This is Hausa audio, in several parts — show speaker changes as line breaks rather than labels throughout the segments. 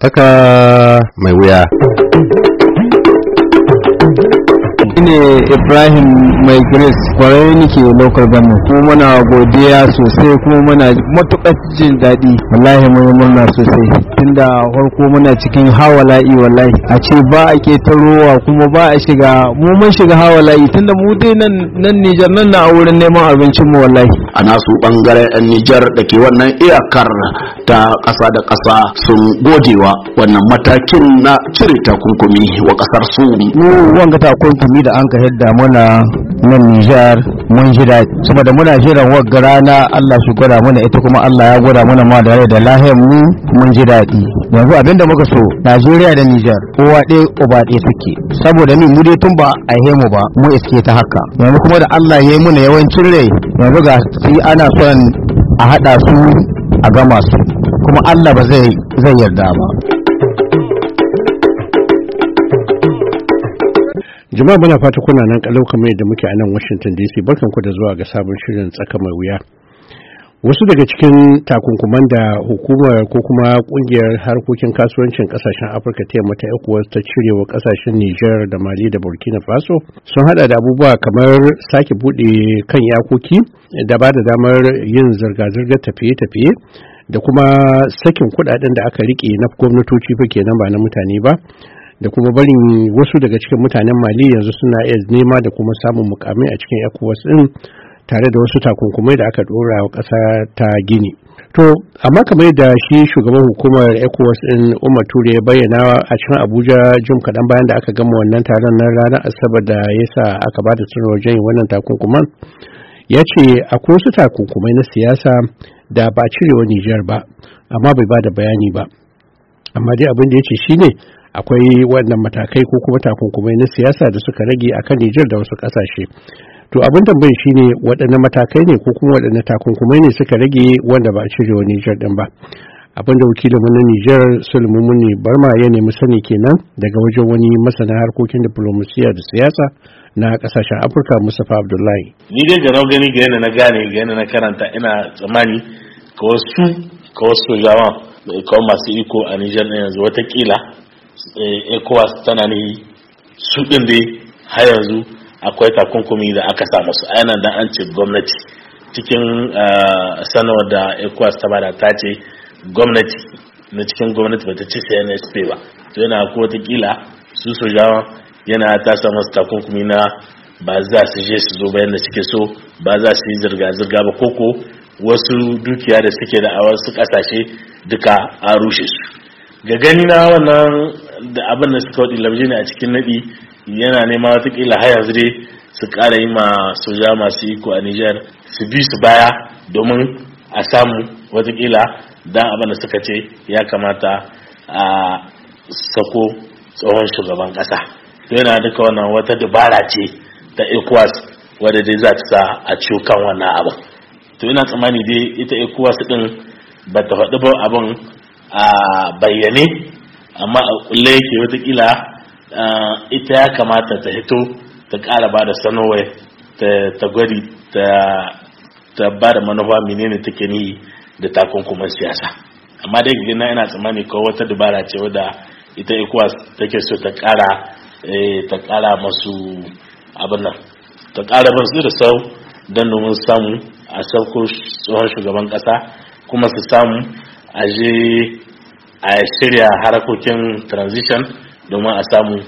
Saka mai wuya.
ne ibrahim mai grace kwarai nake local government kuma muna godiya sosai kuma muna matukar jin daɗi wallahi mun murna sosai tunda farko muna cikin hawala'i wallahi a ce ba a ketarowa kuma ba a shiga mu mun shiga hawala'i tunda mu dai nan nan Nijar nan na wurin neman abincin mu wallahi a nasu bangaren yan Nijar da ke wannan iyakar ta ƙasa da ƙasa sun godewa wannan matakin na cire takunkumi wa ƙasar su mu wanga takunkumi da an ka hidda muna na Nijar mun ji daɗi saboda muna jiran wagga rana Allah shi gwada muna ita kuma Allah ya gwada mana ma da rai da lahiyar mu mun ji daɗi yanzu abinda muka so Najeriya da Nijar kowa ɗaya uba ɗaya suke saboda ni mu dai tun ba a mu ba mu iske ta haka yanzu kuma da Allah ya yi muna yawancin rai yanzu ga si ana son a haɗa su a gama su kuma Allah ba zai yarda ba Jama'a
muna
fata kuna nan kalau kamar yadda muke a nan Washington DC barkan ku da zuwa ga sabon shirin tsaka mai wuya. Wasu daga cikin takunkuman da hukumar ko kuma kungiyar harkokin kasuwancin kasashen Afirka ta yamma ta ECOWAS ta cire wa kasashen Nijar da Mali da Burkina Faso sun hada da abubuwa kamar sake bude kan yakoki da ba da damar yin zirga-zirgar tafiye-tafiye da kuma sakin kudaden da aka rike na gwamnatoci fa kenan ba na mutane ba da kuma barin wasu daga cikin mutanen mali yanzu suna iya nema da kuma samun mukamai a cikin ecowas din tare da wasu takunkumai da aka dora wa ƙasa ta gini to amma kamar da shi shugaban hukumar ecowas din umar ture ya bayyana a cikin abuja jim kaɗan bayan da aka gama wannan taron na ranar asabar da ya sa aka ba da sanarwar wannan takunkuman ya ce akwai wasu takunkumai na siyasa da ba cirewa nijar ba amma bai ba da bayani ba amma dai abin da ya ce shine akwai wannan matakai ko kuma takunkumai na siyasa da suka rage a kan Nijar da wasu kasashe To abin tambayi shine waɗanne matakai ne ko kuma waɗanne takunkumai ne suka rage wanda ba a cire wani Nijar ɗin ba. abin da wakilinmu na Nijar muni Barma ya nemi sani kenan daga wajen wani masana harkokin diplomasiya da siyasa na kasashen Afirka Mustapha Abdullahi.
Ni dai da gani ga yana na gane ga yana na karanta ina tsammani ka wasu ka wasu sojawan da masu iko a Nijar na yanzu watakila Eh, ecowas tana ne su ɗin dai har yanzu akwai takunkumi da aka sa a yanar da an ce gwamnati cikin ah, sanarwar da ecowas ta bada ta ce gwamnati na cikin gwamnati bata ce cnsp ba to yana ko watakila su sojawa yana ta samu su takunkumi na ba za su je su zo bayan da suke so ba za su yi zirga-zirga ba koko wasu dukiya da suke da a wasu kasashe duka a rushe su ga gani na wannan da abin da suka wadi ne a cikin nadi yana nema watakila har yanzu dai su kara yi ma soja masu iko a Nijar su bi su baya domin a samu watakila don abin da suka ce ya kamata a sako tsohon shugaban kasa yana duka wannan wata dabara ce ta ecowas wadda dai za ta sa a ciwo kan wannan abin to yana tsammani dai ita ecowas din ba ta faɗi ba abin a bayyane amma a kulle yake watakila ita ya kamata ta hito ta kara ba da sanowar ta gwari ta ba da manufa menene take ni da takunkuman siyasa amma dai gina yana tsammani ko wata dubara ce wadda ita ikuwa take so ta kara eh, ta kara masu abin nan ta kara su da sau don domin samu a sauko tsohon shugaban kasa kuma su samu a je a shirya harakokin transition domin a samu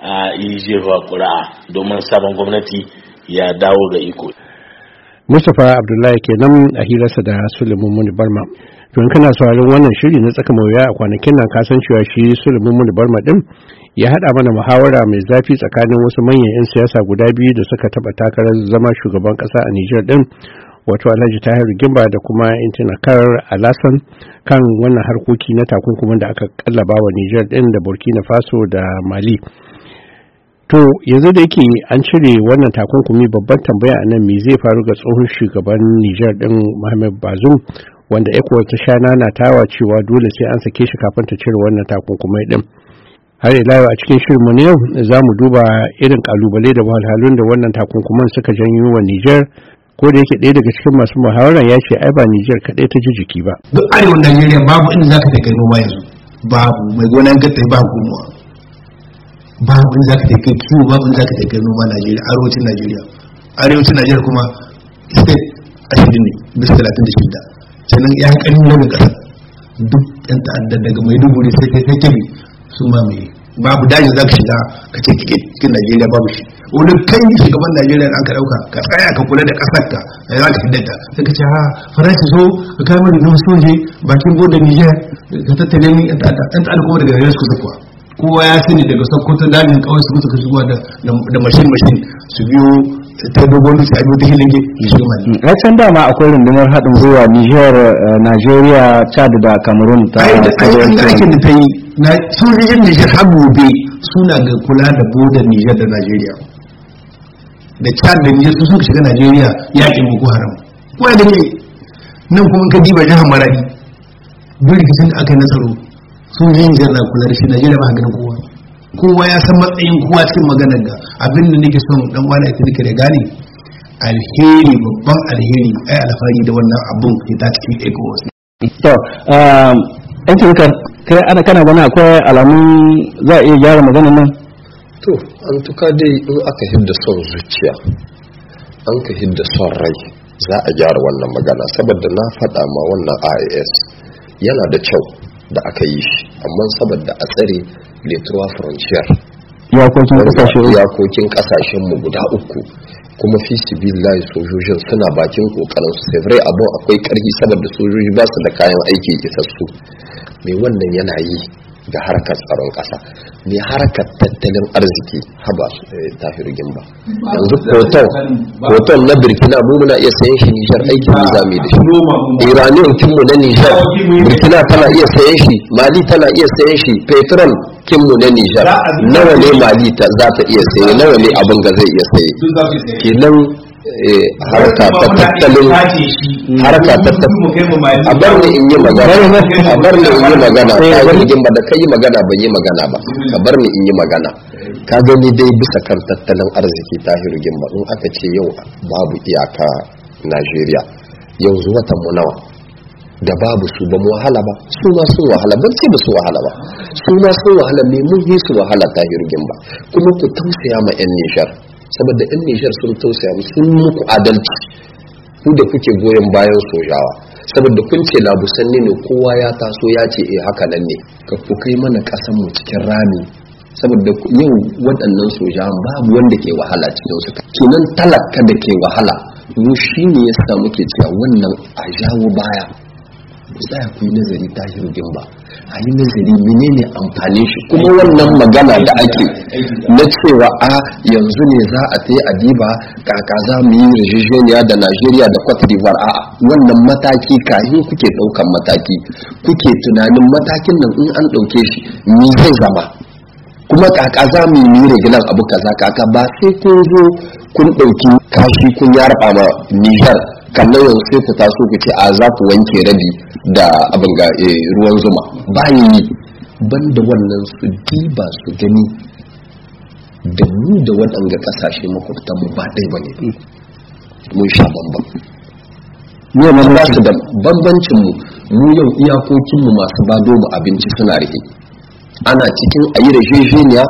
a yi jefa ƙura'a domin sabon gwamnati ya dawo ga iko
Mustapha Abdullahi kenan a hirarsa da Suleiman Muni Barma. To in kana sauraron wannan shiri na tsaka mawuya a kwanakin nan ka san cewa shi Suleiman Muni Barma din ya haɗa mana muhawara mai zafi tsakanin wasu manyan 'yan siyasa guda biyu da suka taɓa takarar zama shugaban ƙasa a Nijar din wato alhaji tahir gimba da kuma intanakar alasan kan wannan harkoki na takunkumin da aka kallaba wa nijar din da burkina faso da mali to yanzu da yake an cire wannan takunkumi babban tambaya a nan me zai faru ga tsohon shugaban nijar din mohamed bazoum wanda ecowas ta sha nana tawa cewa dole sai an sake shi kafin ta cire wannan takunkumai din har ila a cikin shirinmu na yau za mu duba irin kalubale da wahalhalun da wannan takunkuman suka janyo wa Nijar ko da yake ɗaya daga cikin masu muhawarar ya ce ai ba Nijar kaɗai ta ji jiki ba.
Duk arewa Najeriya babu inda za ka ta kai noma yanzu babu mai gonan ka ba gumuwa babu inda za ka ta kai kiwo babu inda za ka ta kai noma Najeriya arewacin Najeriya arewacin Najeriya kuma state ashirin ne bis talatin da shida sannan ya kanin rabin ƙasa duk 'yan ta'addar daga maiduguri sai kai kai kebe su mai babu daji za ka shiga ka ce cikin najeriya babu shi wani kan yi shugaban najeriya da an ka dauka ka tsaya ka kula da kasar ka da za ka ta sai ka ce ha ah, faransa so ka kai mani na soje bakin bodin nijiyar ka tattale ni yan kuma daga yanzu kusa kuwa kowa ya sani daga sokoto dajin kawai su musu ka shigowa da mashin mashin su biyo ta dogon dutse a biyu hilinge
a mm. can dama akwai rundunar haɗin gwiwa niger eh, nigeria chad da cameroon ta aikin da ta yi
sojojin niger har gobe suna ga kula da bodar niger da nigeria da chad da niger sun shiga nigeria yakin boko haram kuma da ne nan kuma ka diba jihar maradi duk rikicin da aka yi na tsaro sojojin niger kula da shi nigeria ba ganin kowa kowa ya san matsayin kowa cikin maganar da abin da nake son dan wani ita nake da gani alheri babban alheri ai alfari da wannan
abun ke ta cikin wasu. to um, an turkar kai ana kana gani
akwai alamun za a iya gyara maganar nan to an tuka dai in aka hidda son zuciya an ka hidda son rai za a gyara wannan magana saboda na faɗa ma wannan ias yana da kyau da aka yi shi amma saboda a tsare letuwa frontier
iyakokin
mu guda uku kuma fi layi sojojin suna bakin kokarin su sai vrai abin akwai karfi saboda sojoji ba su da kayan aiki isassu mai wannan yana yi da harkar tsaron ƙasa ne harkar tattalin arziki haba eh, tafiru gimba yanzu hoton na burkina mu muna iya sayan shi nishar aiki ne za mu da shi iraniyan kinmu na nishar burkina tana iya sayan shi mali tana iya sayan shi petrol kinmu na nijar nawa ne mali za ta iya saye nawa ne abin ga zai iya saye kenan Eh, harka ta tattalin harka ta tattalin a bar ni in yi magana a bar ni in yi magana eh, ka yi rigin ba da ka yi magana ban yi magana ba ka bar ni in yi magana ka gani dai bisa kan tattalin arziki ta yi rigin ba in aka ce yau babu iyaka najeriya yanzu watan mu nawa da babu su ba mu wahala ba su ma sun wahala ban ce ba su wahala ba su ma sun wahala ne mun yi su wahala ta yi rigin ba kuma ku tausaya ma yan nishar saboda yan nishar sun tausaya sun muku adalci ku da kuke goyon bayan soyawa saboda kun ce labusan ne kowa ya taso ya ce eh haka nan ne ka ku kai mana kasan mu cikin rami saboda yau waɗannan sojan babu wanda ke wahala cikin su kenan talaka da ke wahala mu shine ya samu ke cewa wannan a jawo baya ku tsaya ku yi nazari hirgin gimba a yi nazari menene amfanin shi kuma wannan magana da ake na cewa a yanzu ne za a sai a diba kaka za mu yi rijijeniya da najeriya da cote d'ivoire a wannan mataki kahin kuke ɗaukan mataki kuke tunanin matakin nan in an ɗauke shi ni zai zama kuma kaka za mu yi rigilan abu kaza kaka ba sai kun zo kun ɗauki kashi kun yarba ma nijar kallon yanzu sai ta taso ku ce a za ku wanke rabi da abin ga eh, ruwan zuma bayan yi banda wannan su diba su gani da mu da waɗanga ƙasashe makwabtan mu ba ɗaya ba ne mun sha bambam yau ba da bambancin mu mu yau iyakokinmu masu bado mu abinci suna rike ana cikin ayi rajejeniya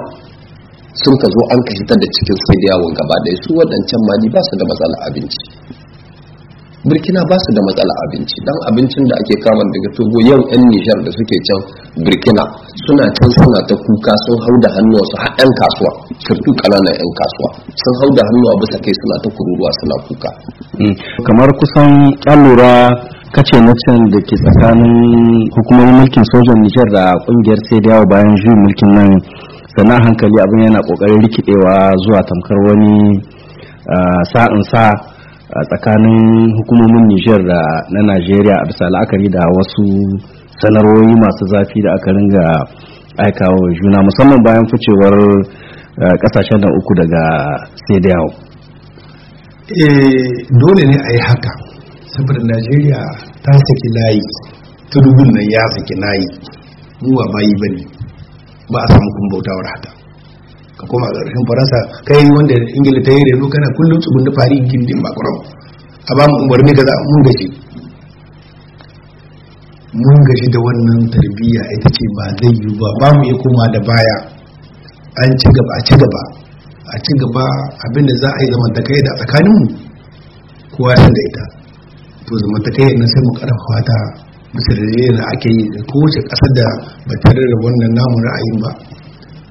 sun ka zo an ka hitar da cikin sai da yawon gaba ɗaya su waɗancan mali ba su da matsalar abinci birkina ba su da matsala abinci dan abincin da ake kama daga togo yau yan nijar da suke can burkina suna can suna ta kuka sun hau da hannuwa su har yan kasuwa kirtu kananan yan kasuwa sun hau da hannuwa bisa kai suna ta kururuwa suna kuka
mm. kamar kusan kyalura kace nasin da ke tsakanin hukumomin mulkin sojan nijar da kungiyar sai da yawa bayan juyin mulkin nan sana hankali abin yana kokarin rikidewa zuwa tamkar wani ah, sa'in sa a tsakanin hukumomin Nijar da na Najeriya a bisa la'akari da wasu sanarwoyi masu zafi da aka ringa aikawa juna musamman bayan ficewar eh, kasashen da uku daga CDAO.
Eh dole ne a yi haka saboda Najeriya ta saki layi tudubun nan ya saki layi mu bayi bane ba a samu kun bautawar haka ka koma ƙarshen faransa kai wanda ingila ta yi reno kana kullum tsubun da fari gindin makarau a ba mu umarni kaza mun gashi mun gashi da wannan tarbiyya ita ce ba zai yi ba ba mu iya koma da baya an ci gaba a ci gaba a ci gaba abinda za a yi zamantakai da tsakaninmu kowa ya da ita to kai na sai mu karfafa ta bisa da da ake yi da kowace kasar da ba tare da wannan namun ra'ayin ba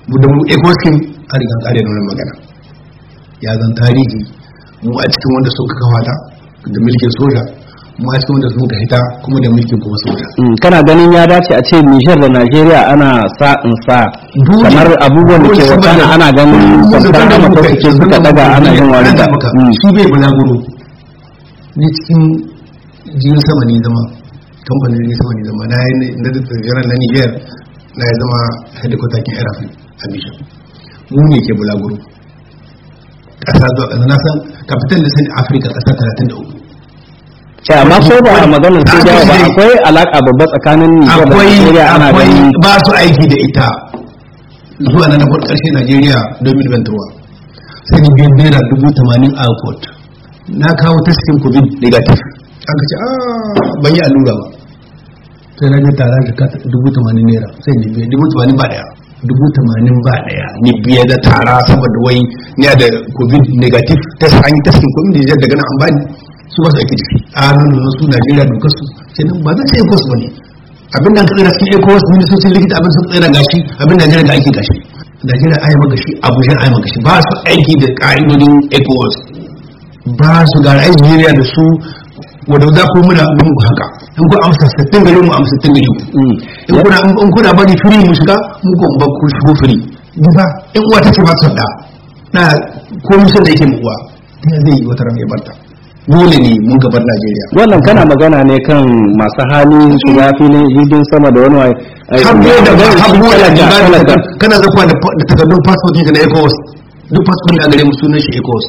mu da mu ekoskin an riga kare da wannan magana ya zan tarihi mu a cikin wanda suka kafa ta da mulkin soja mu a cikin wanda suka hita kuma da mulkin kuma soja
hmm, kana ganin ya dace a ce Niger da Najeriya ana sa in sa kamar abubuwan da ke wata ana ganin kwamfan da mata suke suka daga ana yin wari da hmm. shi bai
balaguro ni cikin jirgin sama ne zama kamfanin ne sama ne zama na yi na da na Niger na ya zama hedikwata kin Air Africa a mu ne ke bulaguro ƙasa zuwa ƙasa na san kafitan da sani afirka ƙasa talatin da uku ya amma so ba a maganar su jawa ba
akwai alaƙa babba tsakanin ana da yi ba su aiki da
ita zuwa na nafar ƙarshe najeriya domin bantarwa sai ni biyan naira dubu tamanin a airport na kawo taskin covid negative an ka ce a ah, ban yi allura ba sai na ji tara da dubu tamanin naira sai ni biyan dubu tamanin ba daya dubu tamanin ba daya ni biya da tara saboda wai ni da covid negative test an yi testing ko ne daga nan an bani su ba su ake jiki a nan na su najeriya dokar su kenan ba za ta yi kwasu bane abin da an tsira sun yi kwasu ne sun likita abin sun tsira gashi abin najeriya da ake gashi najeriya a yi magashi abuja ai yi magashi ba su aiki da ka'idodin ecowas ba su ga najeriya da su wadda za ku muna mun ku haka in ku amsa sattin gari mu amsa sattin gari mm. in kuna in kuna bari firi mu shiga mu ko ba ku shigo firi ni in uwa take ba son da na ko mun san da yake mu uwa ta zai yi wata ran ya barta dole ne mun gabar Najeriya
wannan kana magana ne kan masu hali su ya filin jirgin sama da wani habbo da habbo da jibani
kana zakuwa da takardun passport ne na Ecos. duk passport ne a gare mu sunan shi Ecos.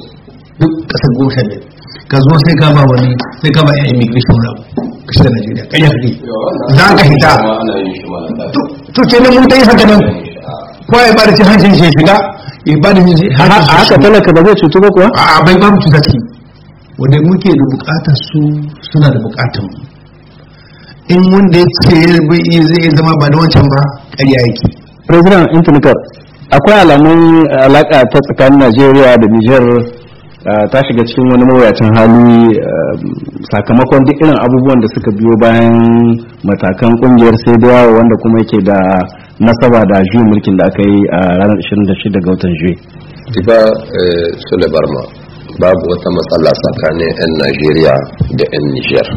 duk kasar goma sha ka zo sai ka ba wani sai ka ba ya immigration rabu da najeriya kanyar ne za ka hita to ce ne mun ta yi haka nan ko ya bada ci hancin shi shiga ya bada cin hancin shi haka talaka ba zai cutu ba kuwa a bai ba mutu zaki wanda muke da bukatar su suna da bukatar in wanda ya ce zai zama ba da wancan ba ƙarya yake
president intanikar akwai alamun alaka ta tsakanin najeriya da nijar ta shiga cikin wani mawuyacin hali sakamakon duk irin abubuwan da suka biyo bayan matakan kungiyar sai da wanda kuma yake da nasaba
da juyi mulkin da aka yi a
ranar 26 ga watan juyi.
tifa eh, sule barma babu wata matsala tsakanin 'yan najeriya da 'yan nijar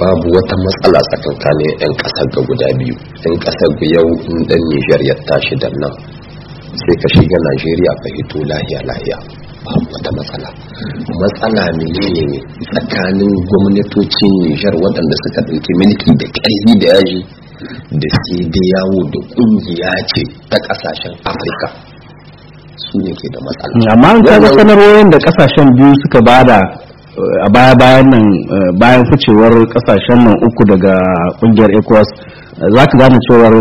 babu wata matsala tsakanin 'yan kasar ga guda biyu 'yan kasar yau in dan ya tashi da nan sai ka shiga najeriya ka hito lahiya lahiya wata matsala matsala ne ne tsakanin gwamnatocin nijar waɗanda suka ɗauki mulki da ƙarfi da yaji da sai da yawo da ƙungiya ce ta ƙasashen afirka su ne ke da matsala amma an kaga
sanarwoyin da ƙasashen biyu suka bada a baya bayan nan eh, bayan ficewar kasashen nan uku daga kungiyar ecowas eh, za ka gane cewar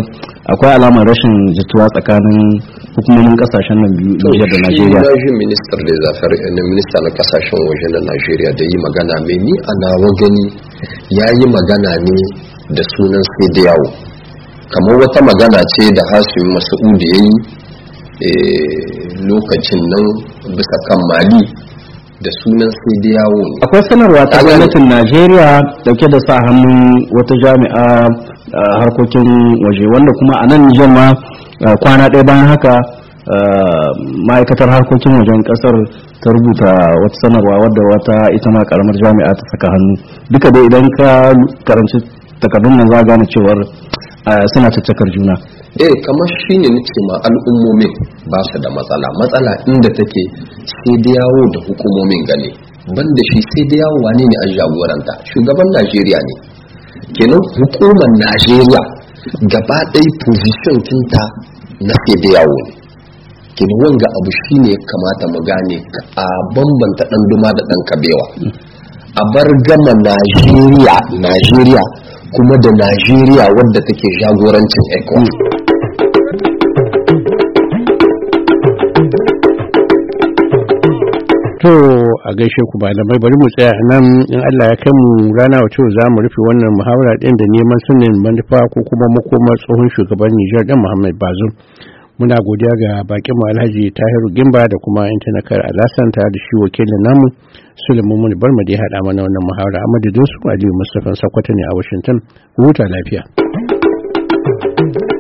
akwai alamar rashin jituwa tsakanin hukumomin kasashen nan biyu da da najeriya ya ji
ministar da zafar ne eh, minista na kasashen waje na najeriya da yi magana mai ni a nawa gani ya yi magana ne da sunan sai da kamar wata magana ce da hasim masu'udu ya yi lokacin nan bisa kan mali da sunan sai da yawo ne
akwai sanarwa ta gwamnatin najeriya dauke da sa hannun wata jami'a harkokin waje wanda kuma a nan jama kwana ɗaya bayan haka ma'aikatar harkokin wajen kasar ta rubuta wata sanarwa wadda wata ita ma karamar jami'a ta saka hannu duka dai idan ka karanci takardun nan za gane cewar suna cakar juna
eh kamar shine nace ma al'ummomin ba su da matsala matsala inda take sai da yawo da hukumomin gane banda shi sai da yawo wane ne an jagoranta shugaban Najeriya ne kenan hukumar Najeriya gaba ɗaya position kinta na sai da yawo ne kenan wanga abu shine kamata mu gane a bambanta dan duma da ɗan kabewa a bar gama Najeriya Najeriya kuma da Najeriya wadda take jagorancin ECOWAS
To a gaishe ku ba lamai bari mu tsaya nan in Allah ya kai mu rana wato za mu rufe wannan muhawara din da neman sunan manufa ko kuma makomar tsohon shugaban Nijar din Muhammad Bazoum. Muna godiya ga bakin mu Alhaji Tahiru Gimba da kuma intanakar Alasan ta da shi wakilin namu Sulaiman Muni Barma da ya haɗa mana wannan muhawara a madadin su Aliyu Mustapha Sakwata ne a Washington. Huta lafiya.